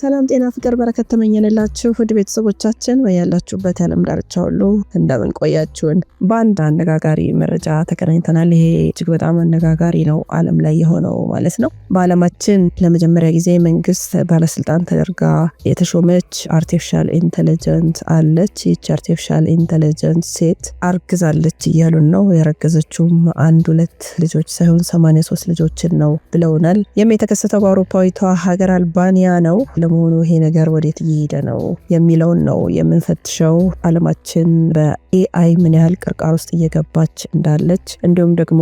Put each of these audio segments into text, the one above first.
ሰላም ጤና ፍቅር በረከት ተመኘንላችሁ ውድ ቤተሰቦቻችን ያላችሁበት ያለም ዳርቻ ሁሉ እንደምን ቆያችሁን? በአንድ አነጋጋሪ መረጃ ተገናኝተናል። ይሄ እጅግ በጣም አነጋጋሪ ነው፣ ዓለም ላይ የሆነው ማለት ነው። በዓለማችን ለመጀመሪያ ጊዜ መንግስት ባለስልጣን ተደርጋ የተሾመች አርቲፊሻል ኢንቴሊጀንት አለች። ይች አርቲፊሻል ኢንቴሊጀንት ሴት አርግዛለች እያሉን ነው። ያረገዘችውም አንድ ሁለት ልጆች ሳይሆን 83 ልጆችን ነው ብለውናል። የም የተከሰተው በአውሮፓዊቷ ሀገር አልባኒያ ነው። ለመሆኑ ይሄ ነገር ወዴት እየሄደ ነው የሚለውን ነው የምንፈትሸው። አለማችን በኤአይ ምን ያህል ቅርቃር ውስጥ እየገባች እንዳለች እንዲሁም ደግሞ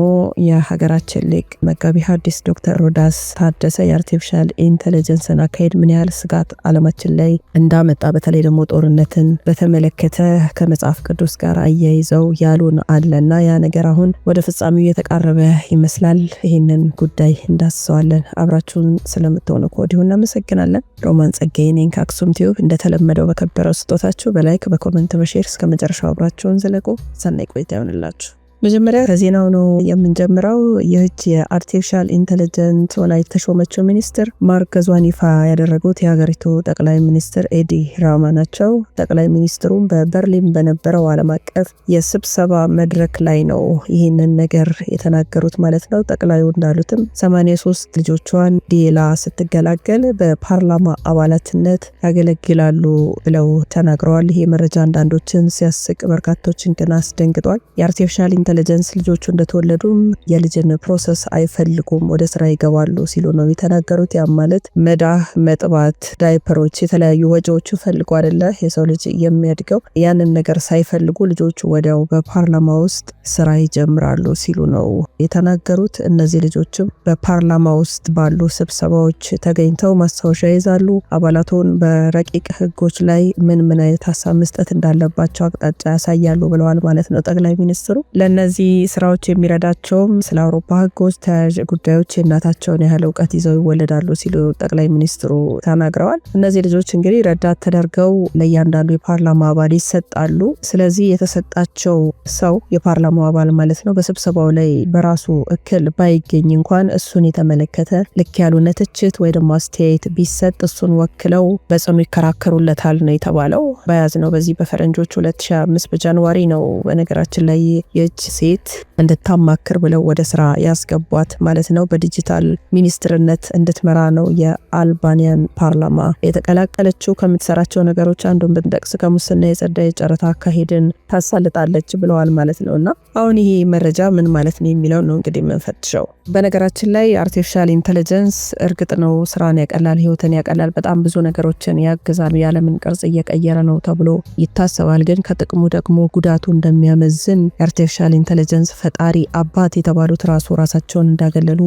የሀገራችን ሊቅ መጋቢ ሐዲስ ዶክተር ሮዳስ ታደሰ የአርቲፊሻል ኢንቴሊጀንስን አካሄድ ምን ያህል ስጋት አለማችን ላይ እንዳመጣ በተለይ ደግሞ ጦርነትን በተመለከተ ከመጽሐፍ ቅዱስ ጋር አያይዘው ያሉን አለና ያ ነገር አሁን ወደ ፍጻሜው የተቃረበ ይመስላል። ይህንን ጉዳይ እንዳስሰዋለን። አብራችሁን ስለምትሆኑ ከወዲሁ እናመሰግናለን። ሮማን ጸጋዬ ነኝ ከአክሱም ቲዩብ። እንደተለመደው በከበረው ስጦታችሁ በላይክ በኮመንት በሼር እስከ መጨረሻው አብራችሁን ዘለቁ። ሰናይ ቆይታ ይሆንላችሁ። መጀመሪያ ከዜናው ነው የምንጀምረው። ይህች የአርቲፊሻል ኢንቴሊጀንት ሆና የተሾመችው ሚኒስትር ማርገዟን ይፋ ያደረጉት የሀገሪቱ ጠቅላይ ሚኒስትር ኤዲ ራማ ናቸው። ጠቅላይ ሚኒስትሩም በበርሊን በነበረው ዓለም አቀፍ የስብሰባ መድረክ ላይ ነው ይህንን ነገር የተናገሩት ማለት ነው። ጠቅላዩ እንዳሉትም 83 ልጆቿን ዲላ ስትገላገል በፓርላማ አባላትነት ያገለግላሉ ብለው ተናግረዋል። ይሄ መረጃ አንዳንዶችን ሲያስቅ፣ በርካቶችን ግን አስደንግጧል። የአርቲፊሻል ኢንቴሊጀንስ ልጆቹ እንደተወለዱም የልጅን ፕሮሰስ አይፈልጉም፣ ወደ ስራ ይገባሉ ሲሉ ነው የተናገሩት። ያም ማለት መዳህ፣ መጥባት፣ ዳይፐሮች፣ የተለያዩ ወጪዎቹ ፈልጉ አደለ የሰው ልጅ የሚያድገው። ያንን ነገር ሳይፈልጉ ልጆቹ ወዲያው በፓርላማ ውስጥ ስራ ይጀምራሉ ሲሉ ነው የተናገሩት። እነዚህ ልጆችም በፓርላማ ውስጥ ባሉ ስብሰባዎች ተገኝተው ማስታወሻ ይዛሉ። አባላቱን በረቂቅ ህጎች ላይ ምን ምን አይነት ሀሳብ መስጠት እንዳለባቸው አቅጣጫ ያሳያሉ ብለዋል ማለት ነው ጠቅላይ ሚኒስትሩ ለነ እነዚህ ስራዎች የሚረዳቸውም ስለ አውሮፓ ህጎች፣ ተያያዥ ጉዳዮች የእናታቸውን ያህል እውቀት ይዘው ይወለዳሉ ሲሉ ጠቅላይ ሚኒስትሩ ተናግረዋል። እነዚህ ልጆች እንግዲህ ረዳት ተደርገው ለእያንዳንዱ የፓርላማ አባል ይሰጣሉ። ስለዚህ የተሰጣቸው ሰው የፓርላማው አባል ማለት ነው። በስብሰባው ላይ በራሱ እክል ባይገኝ እንኳን እሱን የተመለከተ ልክ ያልሆነ ትችት ወይ ደግሞ አስተያየት ቢሰጥ እሱን ወክለው በጽኑ ይከራከሩለታል ነው የተባለው። በያዝ ነው በዚህ በፈረንጆች 2005 በጃንዋሪ ነው በነገራችን ላይ የእጅ ሴት እንድታማክር ብለው ወደ ስራ ያስገቧት ማለት ነው። በዲጂታል ሚኒስትርነት እንድትመራ ነው የአልባኒያን ፓርላማ የተቀላቀለችው። ከምትሰራቸው ነገሮች አንዱን ብንጠቅስ ከሙስና የጸዳ የጨረታ አካሄድን ታሳልጣለች ብለዋል ማለት ነው። እና አሁን ይሄ መረጃ ምን ማለት ነው የሚለው ነው እንግዲህ የምንፈትሸው። በነገራችን ላይ አርቲፊሻል ኢንቴሊጀንስ እርግጥ ነው ስራን ያቀላል፣ ህይወትን ያቀላል፣ በጣም ብዙ ነገሮችን ያግዛል፣ የዓለምን ቅርጽ እየቀየረ ነው ተብሎ ይታሰባል። ግን ከጥቅሙ ደግሞ ጉዳቱ እንደሚያመዝን የአርቲፊሻል ኢንተለጀንስ ፈጣሪ አባት የተባሉት ራሱ ራሳቸውን እንዳገለሉ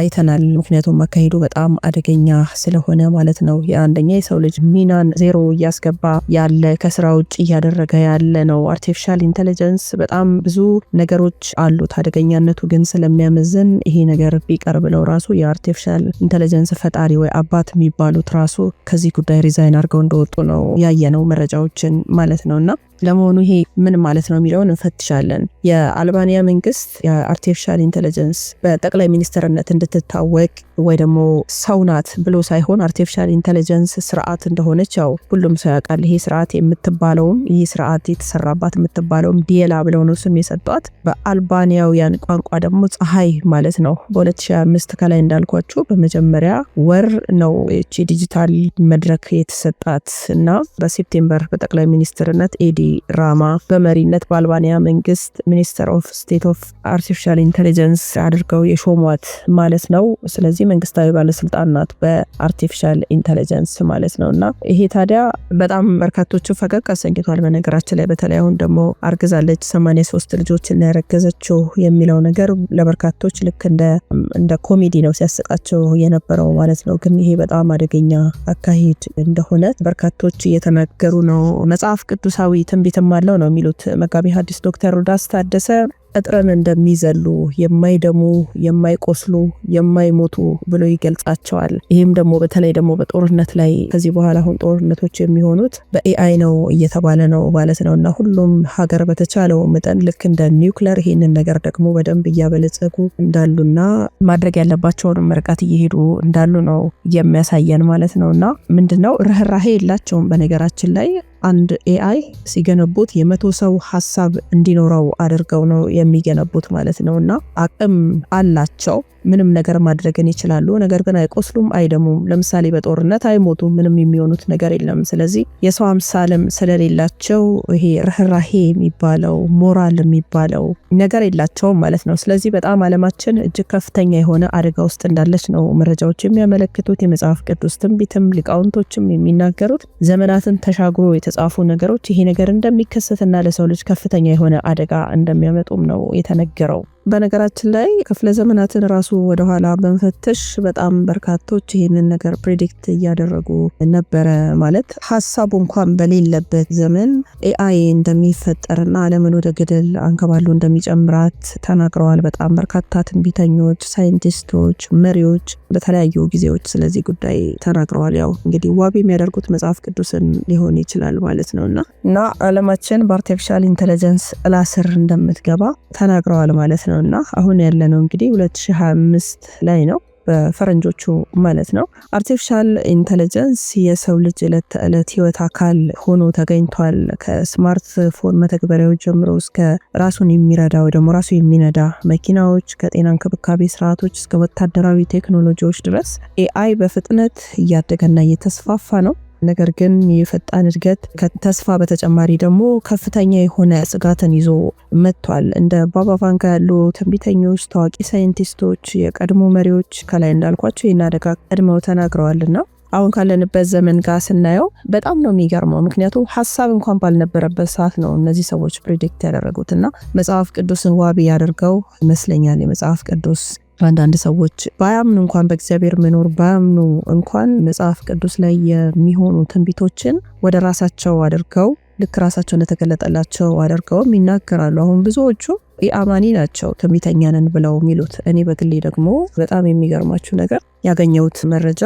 አይተናል። ምክንያቱም አካሄዱ በጣም አደገኛ ስለሆነ ማለት ነው። የአንደኛ የሰው ልጅ ሚናን ዜሮ እያስገባ ያለ ከስራ ውጭ እያደረገ ያለ ነው። አርቲፊሻል ኢንተለጀንስ በጣም ብዙ ነገሮች አሉት። አደገኛነቱ ግን ስለሚያመዝን ይሄ ነገር ቢቀር ብለው ራሱ የአርቲፊሻል ኢንተለጀንስ ፈጣሪ ወይ አባት የሚባሉት ራሱ ከዚህ ጉዳይ ሪዛይን አድርገው እንደወጡ ነው ያየነው መረጃዎችን ማለት ነው እና ለመሆኑ ይሄ ምን ማለት ነው የሚለውን እንፈትሻለን። የአልባንያ መንግስት የአርቲፊሻል ኢንቴሊጀንስ በጠቅላይ ሚኒስትርነት እንድትታወቅ ወይ ደግሞ ሰው ናት ብሎ ሳይሆን አርቲፊሻል ኢንቴሊጀንስ ስርዓት እንደሆነች ያው ሁሉም ሰው ያውቃል። ይሄ ስርዓት የምትባለውም ይህ ስርዓት የተሰራባት የምትባለውም ዲላ ብለው ነው ስም የሰጧት። በአልባንያውያን ቋንቋ ደግሞ ፀሐይ ማለት ነው። በ2005 ከላይ እንዳልኳችሁ በመጀመሪያ ወር ነው ይቺ ዲጂታል መድረክ የተሰጣት እና በሴፕቴምበር በጠቅላይ ሚኒስትርነት ኤዲ ራማ በመሪነት በአልባንያ መንግስት ሚኒስተር ኦፍ ስቴት ኦፍ አርቲፊሻል ኢንቴሊጀንስ አድርገው የሾሟት ማለት ነው። ስለዚህ መንግስታዊ ባለስልጣን ናት በአርቲፊሻል ኢንተለጀንስ ማለት ነው። እና ይሄ ታዲያ በጣም በርካቶቹ ፈገግ አሰኝቷል። በነገራችን ላይ በተለይ አሁን ደግሞ አርግዛለች 83 ልጆች እናያረገዘችው የሚለው ነገር ለበርካቶች ልክ እንደ ኮሜዲ ነው ሲያስቃቸው የነበረው ማለት ነው። ግን ይሄ በጣም አደገኛ አካሄድ እንደሆነ በርካቶች እየተናገሩ ነው። መጽሐፍ ቅዱሳዊ ትንቢትም አለው ነው የሚሉት መጋቢ ሐዲስ ዶክተር ሮዳስ ታደሰ ቀጥረን እንደሚዘሉ የማይደሙ፣ የማይቆስሉ፣ የማይሞቱ ብሎ ይገልጻቸዋል። ይህም ደግሞ በተለይ ደግሞ በጦርነት ላይ ከዚህ በኋላ አሁን ጦርነቶች የሚሆኑት በኤአይ ነው እየተባለ ነው ማለት ነው እና ሁሉም ሀገር በተቻለው መጠን ልክ እንደ ኒውክለር ይህንን ነገር ደግሞ በደንብ እያበለጸጉ እንዳሉና ማድረግ ያለባቸውንም መርቃት እየሄዱ እንዳሉ ነው የሚያሳየን ማለት ነው እና ምንድነው ርህራሄ የላቸውም በነገራችን ላይ አንድ ኤአይ ሲገነቡት የመቶ ሰው ሀሳብ እንዲኖረው አድርገው ነው የሚገነቡት ማለት ነው። እና አቅም አላቸው ምንም ነገር ማድረግን ይችላሉ። ነገር ግን አይቆስሉም፣ አይደሙም። ለምሳሌ በጦርነት አይሞቱም። ምንም የሚሆኑት ነገር የለም። ስለዚህ የሰው አምሳልም ስለሌላቸው ይሄ ርኅራሄ የሚባለው ሞራል የሚባለው ነገር የላቸውም ማለት ነው። ስለዚህ በጣም አለማችን እጅግ ከፍተኛ የሆነ አደጋ ውስጥ እንዳለች ነው መረጃዎች የሚያመለክቱት። የመጽሐፍ ቅዱስ ትንቢትም ሊቃውንቶችም የሚናገሩት ዘመናትን ተሻግሮ የተ የተጻፉ ነገሮች ይሄ ነገር እንደሚከሰትና ለሰው ልጅ ከፍተኛ የሆነ አደጋ እንደሚያመጡም ነው የተነገረው። በነገራችን ላይ ክፍለ ዘመናትን ራሱ ወደኋላ በመፈተሽ በጣም በርካቶች ይህንን ነገር ፕሬዲክት እያደረጉ ነበረ። ማለት ሀሳቡ እንኳን በሌለበት ዘመን ኤአይ እንደሚፈጠርና ዓለምን ወደ ገደል አንከባሎ እንደሚጨምራት ተናግረዋል። በጣም በርካታ ትንቢተኞች፣ ሳይንቲስቶች፣ መሪዎች በተለያዩ ጊዜዎች ስለዚህ ጉዳይ ተናግረዋል። ያው እንግዲህ ዋቢ የሚያደርጉት መጽሐፍ ቅዱስን ሊሆን ይችላል ማለት ነው እና እና ዓለማችን በአርቲፊሻል ኢንቴሊጀንስ ጥላ ስር እንደምትገባ ተናግረዋል ማለት ነው። ነው እና አሁን ያለነው እንግዲህ 2025 ላይ ነው በፈረንጆቹ ማለት ነው። አርቲፊሻል ኢንተለጀንስ የሰው ልጅ ዕለት ተዕለት ህይወት አካል ሆኖ ተገኝቷል። ከስማርትፎን መተግበሪያዎች ጀምሮ እስከ ራሱን የሚረዳ ወይ ደግሞ ራሱ የሚነዳ መኪናዎች፣ ከጤና እንክብካቤ ስርዓቶች እስከ ወታደራዊ ቴክኖሎጂዎች ድረስ ኤአይ በፍጥነት እያደገና እየተስፋፋ ነው። ነገር ግን የፈጣን እድገት ከተስፋ በተጨማሪ ደግሞ ከፍተኛ የሆነ ስጋትን ይዞ መጥቷል። እንደ ባባ ቫንጋ ያሉ ትንቢተኞች፣ ታዋቂ ሳይንቲስቶች፣ የቀድሞ መሪዎች ከላይ እንዳልኳቸው ይህን አደጋ ቀድመው ተናግረዋልና አሁን ካለንበት ዘመን ጋር ስናየው በጣም ነው የሚገርመው። ምክንያቱም ሀሳብ እንኳን ባልነበረበት ሰዓት ነው እነዚህ ሰዎች ፕሬዲክት ያደረጉት እና መጽሐፍ ቅዱስን ዋቢ ያደርገው ይመስለኛል የመጽሐፍ ቅዱስ አንዳንድ ሰዎች ባያምኑ እንኳን በእግዚአብሔር መኖር ባያምኑ እንኳን መጽሐፍ ቅዱስ ላይ የሚሆኑ ትንቢቶችን ወደ ራሳቸው አድርገው ልክ ራሳቸው እንደተገለጠላቸው አድርገውም ይናገራሉ። አሁን ብዙዎቹ የአማኒ ናቸው ትንቢተኛ ነን ብለው የሚሉት። እኔ በግሌ ደግሞ በጣም የሚገርማችሁ ነገር ያገኘሁት መረጃ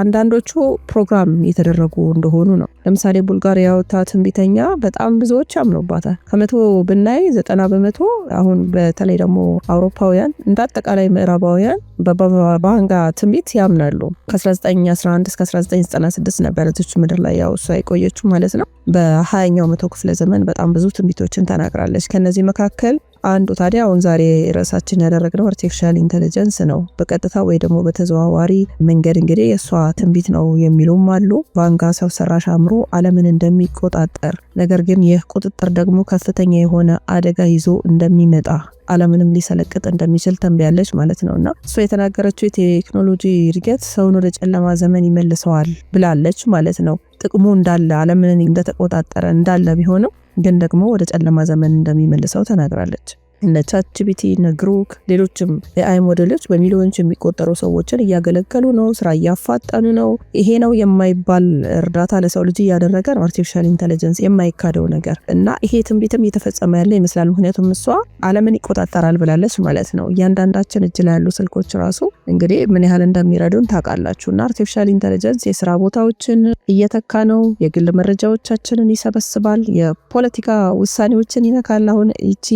አንዳንዶቹ ፕሮግራም የተደረጉ እንደሆኑ ነው። ለምሳሌ ቡልጋሪያ ወታ ትንቢተኛ በጣም ብዙዎች አምኖባታል። ከመቶ ብናይ ዘጠና በመቶ አሁን በተለይ ደግሞ አውሮፓውያን እንደ አጠቃላይ ምዕራባውያን በባንጋ ትንቢት ያምናሉ። ከ1911 እስከ 1996 ነበረች ምድር ላይ ያው እሷ ማለት ነው። በሀያኛው መቶ ክፍለ ዘመን በጣም ብዙ ትንቢቶችን ተናግራለች። ከነዚህ መካከል አንዱ ታዲያ አሁን ዛሬ ርዕሳችን ያደረግነው አርቲፊሻል ኢንቴሊጀንስ ነው። በቀጥታ ወይ ደግሞ በተዘዋዋሪ መንገድ እንግዲህ የእሷ ትንቢት ነው የሚሉም አሉ። ቫንጋ ሰው ሰራሽ አእምሮ ዓለምን እንደሚቆጣጠር ነገር ግን ይህ ቁጥጥር ደግሞ ከፍተኛ የሆነ አደጋ ይዞ እንደሚመጣ ዓለምንም ሊሰለቅጥ እንደሚችል ተንብያለች ማለት ነው። እና እሷ የተናገረችው የቴክኖሎጂ እድገት ሰውን ወደ ጨለማ ዘመን ይመልሰዋል ብላለች ማለት ነው። ጥቅሙ እንዳለ ዓለምን እንደተቆጣጠረ እንዳለ ቢሆንም ግን ደግሞ ወደ ጨለማ ዘመን እንደሚመልሰው ተናግራለች። እነ ቻትጂፒቲ እነ ግሩክ፣ ሌሎችም የአይ ሞዴሎች በሚሊዮኖች የሚቆጠሩ ሰዎችን እያገለገሉ ነው። ስራ እያፋጠኑ ነው። ይሄ ነው የማይባል እርዳታ ለሰው ልጅ እያደረገ ነው አርቲፊሻል ኢንቴሊጀንስ የማይካደው ነገር እና ይሄ ትንቢትም እየተፈጸመ ያለ ይመስላል። ምክንያቱም እሷ ዓለምን ይቆጣጠራል ብላለች ማለት ነው። እያንዳንዳችን እጅ ላይ ያሉ ስልኮች ራሱ እንግዲህ ምን ያህል እንደሚረዱን ታውቃላችሁ። እና አርቲፊሻል ኢንቴሊጀንስ የስራ ቦታዎችን እየተካ ነው። የግል መረጃዎቻችንን ይሰበስባል። የፖለቲካ ውሳኔዎችን ይነካል። አሁን ይቺ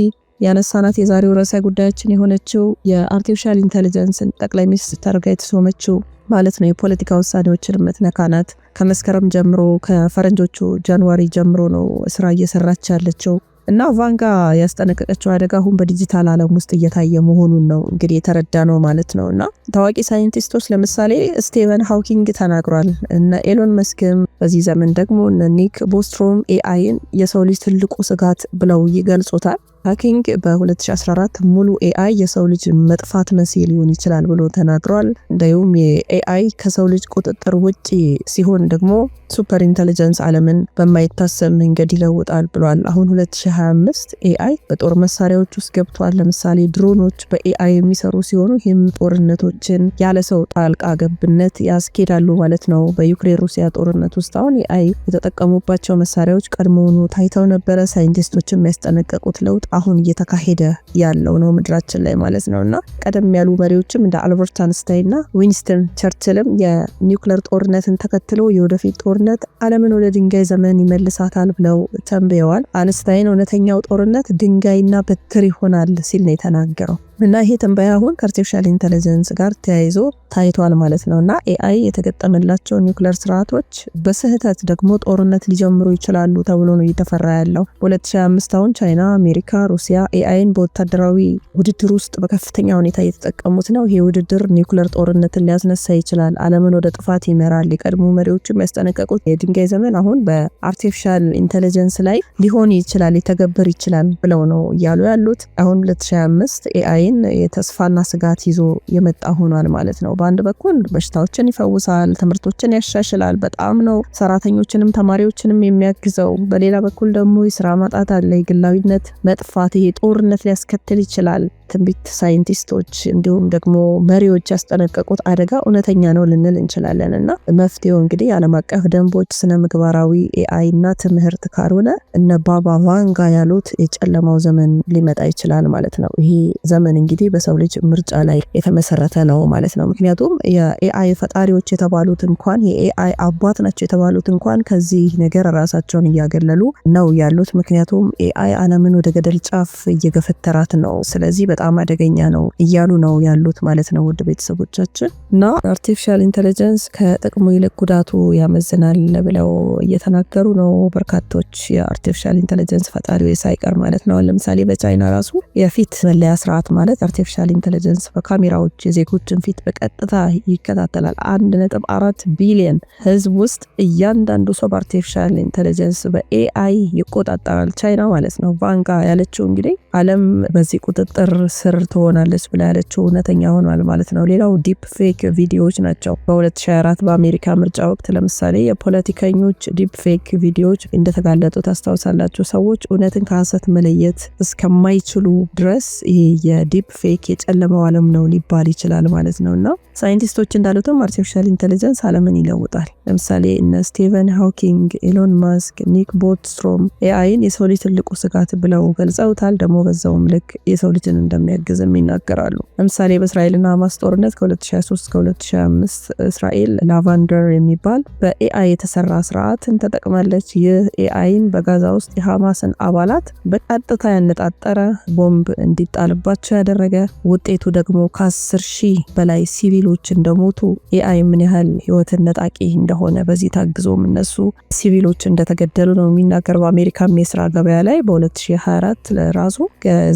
ያነሳናት የዛሬው ርዕሰ ጉዳያችን የሆነችው የአርቲፊሻል ኢንቴሊጀንስን ጠቅላይ ሚኒስትር ጋር የተሾመችው ማለት ነው የፖለቲካ ውሳኔዎችን ምትነካ ናት። ከመስከረም ጀምሮ ከፈረንጆቹ ጃንዋሪ ጀምሮ ነው ስራ እየሰራች ያለችው እና ቫንጋ ያስጠነቀቀችው አደጋ አሁን በዲጂታል ዓለም ውስጥ እየታየ መሆኑን ነው እንግዲህ የተረዳ ነው ማለት ነው። እና ታዋቂ ሳይንቲስቶች ለምሳሌ ስቲቨን ሃውኪንግ ተናግሯል እና ኤሎን መስክም በዚህ ዘመን ደግሞ እነ ኒክ ቦስትሮም ኤአይን የሰው ልጅ ትልቁ ስጋት ብለው ይገልጾታል። ሃኪንግ በ2014 ሙሉ ኤአይ የሰው ልጅ መጥፋት መንስኤ ሊሆን ይችላል ብሎ ተናግሯል። እንዲሁም የኤአይ ከሰው ልጅ ቁጥጥር ውጭ ሲሆን ደግሞ ሱፐር ኢንቴሊጀንስ ዓለምን በማይታሰብ መንገድ ይለውጣል ብሏል። አሁን 2025 ኤአይ በጦር መሳሪያዎች ውስጥ ገብቷል። ለምሳሌ ድሮኖች በኤአይ የሚሰሩ ሲሆኑ ይህም ጦርነቶችን ያለ ሰው ጣልቃ ገብነት ያስኬዳሉ ማለት ነው። በዩክሬን ሩሲያ ጦርነት ውስጥ እስካሁን ኤአይ የተጠቀሙባቸው መሳሪያዎች ቀድሞውኑ ታይተው ነበረ። ሳይንቲስቶች የሚያስጠነቀቁት ለውጥ አሁን እየተካሄደ ያለው ነው ምድራችን ላይ ማለት ነው። እና ቀደም ያሉ መሪዎችም እንደ አልበርት አንስታይንና ዊንስተን ቸርችልም የኒውክለር ጦርነትን ተከትሎ የወደፊት ጦርነት ዓለምን ወደ ድንጋይ ዘመን ይመልሳታል ብለው ተንብየዋል። አንስታይን እውነተኛው ጦርነት ድንጋይና በትር ይሆናል ሲል ነው የተናገረው። እና ይሄ ትንበያ አሁን ከአርቲፊሻል ኢንተለጀንስ ጋር ተያይዞ ታይቷል ማለት ነው። እና ኤአይ የተገጠመላቸው ኒውክሌር ስርዓቶች በስህተት ደግሞ ጦርነት ሊጀምሩ ይችላሉ ተብሎ ነው እየተፈራ ያለው። በ2025 አሁን ቻይና፣ አሜሪካ፣ ሩሲያ ኤአይን በወታደራዊ ውድድር ውስጥ በከፍተኛ ሁኔታ እየተጠቀሙት ነው። ይሄ ውድድር ኒውክሌር ጦርነትን ሊያስነሳ ይችላል፣ አለምን ወደ ጥፋት ይመራል፣ የቀድሞ መሪዎቹ የሚያስጠነቀቁት የድንጋይ ዘመን አሁን በአርቲፊሻል ኢንተለጀንስ ላይ ሊሆን ይችላል፣ ሊተገበር ይችላል ብለው ነው እያሉ ያሉት አሁን 2025 ኤአይ ራዕይን የተስፋና ስጋት ይዞ የመጣ ሆኗል ማለት ነው። በአንድ በኩል በሽታዎችን ይፈውሳል፣ ትምህርቶችን ያሻሽላል። በጣም ነው ሰራተኞችንም ተማሪዎችንም የሚያግዘው። በሌላ በኩል ደግሞ የስራ ማጣት አለ፣ የግላዊነት መጥፋት፣ ይሄ ጦርነት ሊያስከትል ይችላል። የትንቢት ሳይንቲስቶች እንዲሁም ደግሞ መሪዎች ያስጠነቀቁት አደጋ እውነተኛ ነው ልንል እንችላለን እና መፍትሄው እንግዲህ የዓለም አቀፍ ደንቦች፣ ስነ ምግባራዊ ኤአይ እና ትምህርት ካልሆነ እነ ባባ ቫንጋ ያሉት የጨለማው ዘመን ሊመጣ ይችላል ማለት ነው። ይሄ ዘመን እንግዲህ በሰው ልጅ ምርጫ ላይ የተመሰረተ ነው ማለት ነው። ምክንያቱም የኤአይ ፈጣሪዎች የተባሉት እንኳን የኤአይ አባት ናቸው የተባሉት እንኳን ከዚህ ነገር ራሳቸውን እያገለሉ ነው ያሉት። ምክንያቱም ኤአይ ዓለምን ወደ ገደል ጫፍ እየገፈተራት ነው። ስለዚህ በጣም አደገኛ ነው እያሉ ነው ያሉት ማለት ነው። ውድ ቤተሰቦቻችን እና አርቲፊሻል ኢንቴሊጀንስ ከጥቅሙ ይልቅ ጉዳቱ ያመዝናል ብለው እየተናገሩ ነው በርካቶች የአርቲፊሻል ኢንቴሊጀንስ ፈጣሪ ሳይቀር ማለት ነው። ለምሳሌ በቻይና ራሱ የፊት መለያ ስርዓት ማለት አርቲፊሻል ኢንቴሊጀንስ በካሜራዎች የዜጎችን ፊት በቀጥታ ይከታተላል። አንድ ነጥብ አራት ቢሊየን ህዝብ ውስጥ እያንዳንዱ ሰው በአርቲፊሻል ኢንቴሊጀንስ በኤአይ ይቆጣጠራል ቻይና ማለት ነው። ቫንጋ ያለችው እንግዲህ አለም በዚህ ቁጥጥር ስር ትሆናለች ብላ ያለችው እውነተኛ ሆኗል ማለት ነው። ሌላው ዲፕ ፌክ ቪዲዮዎች ናቸው። በ2024 በአሜሪካ ምርጫ ወቅት ለምሳሌ የፖለቲከኞች ዲፕ ፌክ ቪዲዮዎች እንደተጋለጡ ታስታውሳላችሁ። ሰዎች እውነትን ከሀሰት መለየት እስከማይችሉ ድረስ ይሄ የዲፕ ፌክ የጨለመው ዓለም ነው ሊባል ይችላል ማለት ነው እና ሳይንቲስቶች እንዳሉትም አርቲፊሻል ኢንቴሊጀንስ ዓለምን ይለውጣል። ለምሳሌ እነ ስቲቨን ሃውኪንግ፣ ኢሎን ማስክ፣ ኒክ ቦትስትሮም ኤአይን የሰው ልጅ ትልቁ ስጋት ብለው ገልጸውታል። ደግሞ በዛውም ልክ የሰው ልጅን እንደሚያግዝም ይናገራሉ። ለምሳሌ በእስራኤልና ሀማስ ጦርነት ከ2023 እስከ 2025 እስራኤል ላቫንደር የሚባል በኤአይ የተሰራ ስርዓትን ተጠቅማለች። ይህ ኤአይን በጋዛ ውስጥ የሀማስን አባላት በቀጥታ ያነጣጠረ ቦምብ እንዲጣልባቸው ያደረገ ውጤቱ ደግሞ ከ10 ሺህ በላይ ሲቪሎች እንደሞቱ ኤአይ ምን ያህል ህይወትን ነጣቂ እንደሆነ በዚህ ታግዞም እነሱ ሲቪሎች እንደተገደሉ ነው የሚናገር። በአሜሪካም የስራ ገበያ ላይ በ2024 ለራሱ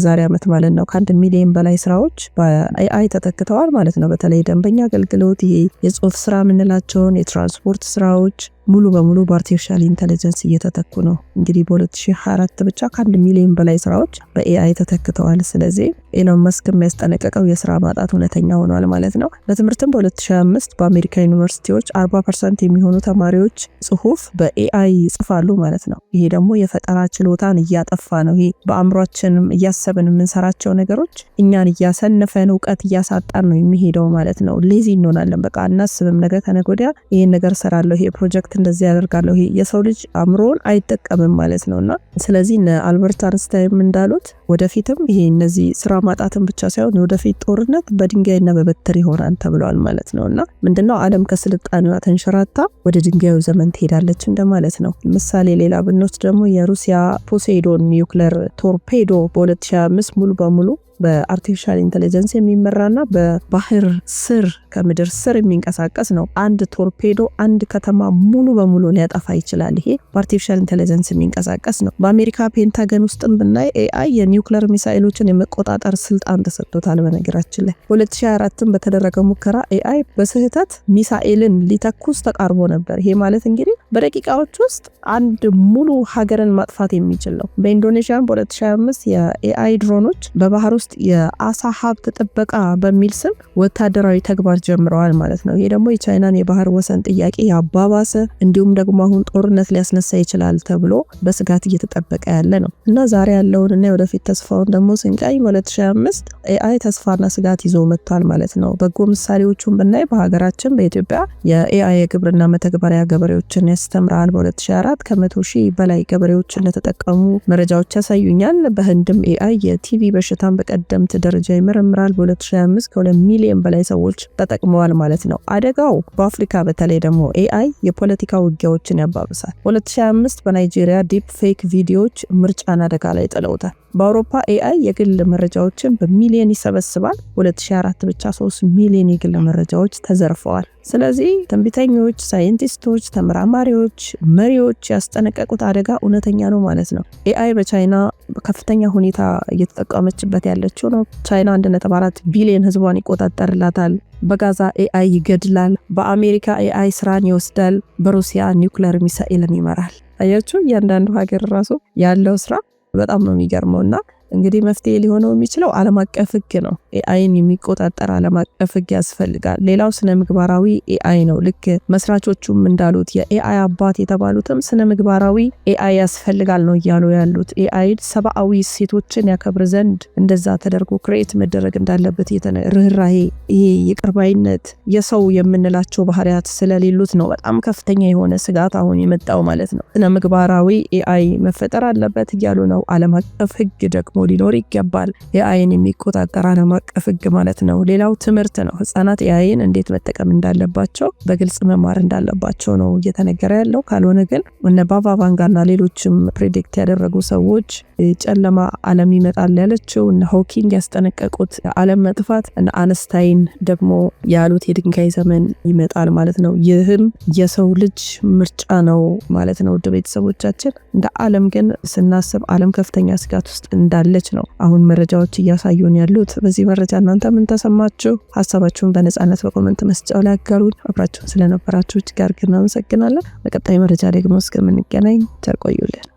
ዛሬ ዓመት ማለት ነው ከ1 ከአንድ ሚሊዮን በላይ ስራዎች በኤአይ ተተክተዋል ማለት ነው። በተለይ ደንበኛ አገልግሎት፣ ይሄ የጽሁፍ ስራ የምንላቸውን የትራንስፖርት ስራዎች ሙሉ በሙሉ በአርቲፊሻል ኢንቴሊጀንስ እየተተኩ ነው። እንግዲህ በ2024 ብቻ ከአንድ ሚሊዮን በላይ ስራዎች በኤአይ ተተክተዋል። ስለዚህ ኤሎን መስክ የሚያስጠነቀቀው የስራ ማጣት እውነተኛ ሆኗል ማለት ነው። በትምህርትም በ2025 በአሜሪካ ዩኒቨርሲቲዎች 40 ፐርሰንት የሚሆኑ ተማሪዎች ጽሁፍ በኤአይ ይጽፋሉ ማለት ነው። ይሄ ደግሞ የፈጠራ ችሎታን እያጠፋ ነው። ይሄ በአእምሯችንም እያሰብን የምንሰራቸው ነገሮች እኛን እያሰነፈን እውቀት እያሳጣን ነው የሚሄደው ማለት ነው። ሌዚ እንሆናለን። በቃ እናስብም ነገ ከነገ ወዲያ ነገር እሰራለሁ ይሄ ፕሮጀክት እንደዚህ ያደርጋለሁ። ይሄ የሰው ልጅ አእምሮውን አይጠቀምም ማለት ነው። እና ስለዚህ አልበርት አንስታይም እንዳሉት ወደፊትም ይሄ እነዚህ ስራ ማጣትን ብቻ ሳይሆን ወደፊት ጦርነት በድንጋይና በበትር ይሆናል ተብለዋል ማለት ነው። እና ምንድነው ዓለም ከስልጣኔዋ ተንሸራታ ወደ ድንጋዩ ዘመን ትሄዳለች እንደማለት ነው። ምሳሌ ሌላ ብንወስድ ደግሞ የሩሲያ ፖሴዶን ኒውክለር ቶርፔዶ በ2025 ሙሉ በሙሉ በአርቲፊሻል ኢንቴሊጀንስ የሚመራና በባህር ስር ከምድር ስር የሚንቀሳቀስ ነው። አንድ ቶርፔዶ አንድ ከተማ ሙሉ በሙሉ ሊያጠፋ ይችላል። ይሄ በአርቲፊሻል ኢንቴሊጀንስ የሚንቀሳቀስ ነው። በአሜሪካ ፔንታገን ውስጥም ብናይ ኤአይ የኒውክለር ሚሳኤሎችን የመቆጣጠር ስልጣን ተሰጥቶታል። በነገራችን ላይ በ2024 በተደረገ ሙከራ ኤአይ በስህተት ሚሳኤልን ሊተኩስ ተቃርቦ ነበር። ይሄ ማለት እንግዲህ በደቂቃዎች ውስጥ አንድ ሙሉ ሀገርን ማጥፋት የሚችል ነው። በኢንዶኔዥያን በ2025 የኤአይ ድሮኖች በባህር ውስጥ የአሳ ሀብት ጥበቃ በሚል ስም ወታደራዊ ተግባር ጀምረዋል ማለት ነው። ይሄ ደግሞ የቻይናን የባህር ወሰን ጥያቄ ያባባሰ እንዲሁም ደግሞ አሁን ጦርነት ሊያስነሳ ይችላል ተብሎ በስጋት እየተጠበቀ ያለ ነው እና ዛሬ ያለውን እና የወደፊት ተስፋውን ደግሞ ስንቃይ በ2025 ኤአይ ተስፋና ስጋት ይዞ መጥቷል ማለት ነው። በጎ ምሳሌዎቹን ብናይ በሀገራችን በኢትዮጵያ የኤአይ የግብርና መተግበሪያ ገበሬዎችን ያስተምራል። በ2024 ከመቶ ሺህ በላይ ገበሬዎች እንደተጠቀሙ መረጃዎች ያሳዩኛል። በህንድም ኤአይ የቲቪ በሽታን በቀ ቀደምት ደረጃ ይመረምራል። በ2025 ከ2 ሚሊዮን በላይ ሰዎች ተጠቅመዋል ማለት ነው። አደጋው በአፍሪካ በተለይ ደግሞ ኤአይ የፖለቲካ ውጊያዎችን ያባብሳል። 2025 በናይጄሪያ ዲፕ ፌክ ቪዲዮዎች ምርጫን አደጋ ላይ ጥለውታል። በአውሮፓ ኤአይ የግል መረጃዎችን በሚሊዮን ይሰበስባል። 2024 ብቻ 3 ሚሊዮን የግል መረጃዎች ተዘርፈዋል። ስለዚህ ትንቢተኞች፣ ሳይንቲስቶች፣ ተመራማሪዎች፣ መሪዎች ያስጠነቀቁት አደጋ እውነተኛ ነው ማለት ነው። ኤአይ በቻይና በከፍተኛ ሁኔታ እየተጠቀመችበት ያለችው ነው። ቻይና 1.4 ቢሊዮን ህዝቧን ይቆጣጠርላታል። በጋዛ ኤአይ ይገድላል። በአሜሪካ ኤአይ ስራን ይወስዳል። በሩሲያ ኒውክለር ሚሳኤልን ይመራል። አያችሁ፣ እያንዳንዱ ሀገር ራሱ ያለው ስራ በጣም ነው የሚገርመው እና እንግዲህ መፍትሄ ሊሆነው የሚችለው ዓለም አቀፍ ህግ ነው። ኤአይን የሚቆጣጠር ዓለም አቀፍ ህግ ያስፈልጋል። ሌላው ስነ ምግባራዊ ኤአይ ነው። ልክ መስራቾቹም እንዳሉት የኤአይ አባት የተባሉትም ስነ ምግባራዊ ኤአይ ያስፈልጋል ነው እያሉ ያሉት። ኤአይን ሰብአዊ ሴቶችን ያከብር ዘንድ እንደዛ ተደርጎ ክሬት መደረግ እንዳለበት ርኅራሄ፣ ይሄ የቅርባይነት የሰው የምንላቸው ባህሪያት ስለሌሉት ነው በጣም ከፍተኛ የሆነ ስጋት አሁን የመጣው ማለት ነው። ስነ ምግባራዊ ኤአይ መፈጠር አለበት እያሉ ነው። ዓለም አቀፍ ህግ ደግሞ ደግሞ ሊኖር ይገባል። የአይን የሚቆጣጠር ዓለም አቀፍ ህግ ማለት ነው። ሌላው ትምህርት ነው። ህጻናት የአይን እንዴት መጠቀም እንዳለባቸው በግልጽ መማር እንዳለባቸው ነው እየተነገረ ያለው። ካልሆነ ግን እነ ባባ ቫንጋና ሌሎችም ፕሬዲክት ያደረጉ ሰዎች ጨለማ ዓለም ይመጣል ያለችው እነ ሆኪንግ ያስጠነቀቁት ዓለም መጥፋት እነ አነስታይን ደግሞ ያሉት የድንጋይ ዘመን ይመጣል ማለት ነው። ይህም የሰው ልጅ ምርጫ ነው ማለት ነው። ውድ ቤተሰቦቻችን እንደ ዓለም ግን ስናስብ ዓለም ከፍተኛ ስጋት ውስጥ እንዳለ እንዳለች ነው አሁን መረጃዎች እያሳዩን ያሉት። በዚህ መረጃ እናንተ ምን ተሰማችሁ? ሀሳባችሁን በነጻነት በኮመንት መስጫው ላይ አጋሩን። አብራችሁን ስለነበራችሁ እጅግ አድርገን እናመሰግናለን። በቀጣይ መረጃ ደግሞ እስከምንገናኝ ተቆዩልን።